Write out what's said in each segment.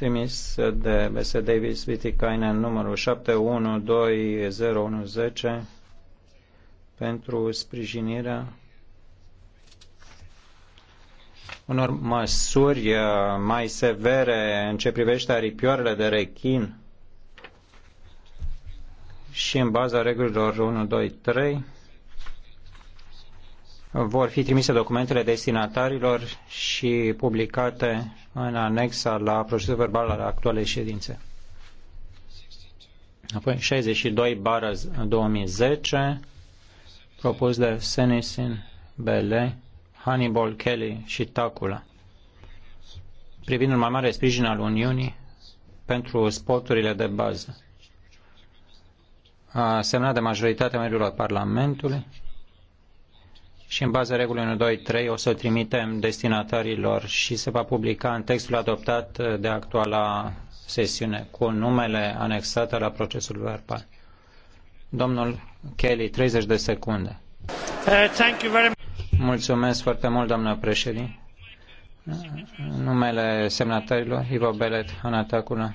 trimis de B.S. Davis Vitikainen numărul 712010 pentru sprijinirea unor măsuri uh, mai severe în ce privește aripioarele de rechin și în baza regulilor 1, 2, 3 vor fi trimise documentele destinatarilor și publicate în anexa la procesul verbal al actualei ședințe. Apoi 62 bară 2010, propus de Senesin, Bele, Hannibal, Kelly și Tacula, privind un mai mare sprijin al Uniunii pentru sporturile de bază, semnat de majoritatea membrilor Parlamentului, și în baza regulii 1, 2, 3 o să trimitem destinatarilor și se va publica în textul adoptat de actuala sesiune cu numele anexate la procesul verbal. Domnul Kelly, 30 de secunde. Uh, mulțumesc foarte mult, doamnă președinte. Numele semnatarilor, Ivo Belet, Ana Tacula,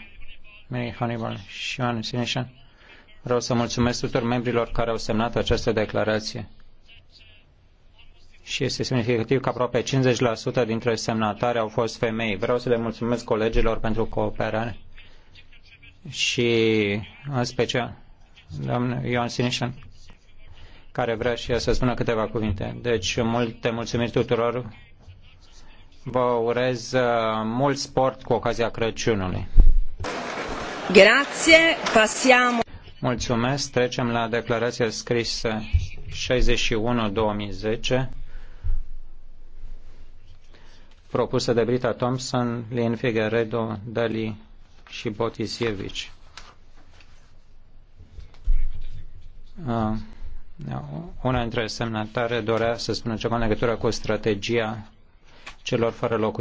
Mary Hannibal și Ioan Sineșan. Vreau să mulțumesc tuturor membrilor care au semnat această declarație și este semnificativ că aproape 50% dintre semnatari au fost femei. Vreau să le mulțumesc colegilor pentru cooperare și în special doamne Ioan Sinișan care vrea și să spună câteva cuvinte. Deci, multe mulțumiri tuturor. Vă urez uh, mult sport cu ocazia Crăciunului. Grazie, passiamo. Mulțumesc. Trecem la declarația scrisă 61-2010 propusă de Brita Thompson, Lien Figueredo, Dali și Botisievici. Uh, una dintre semnatare dorea să spună ceva în legătură cu strategia celor fără locuri.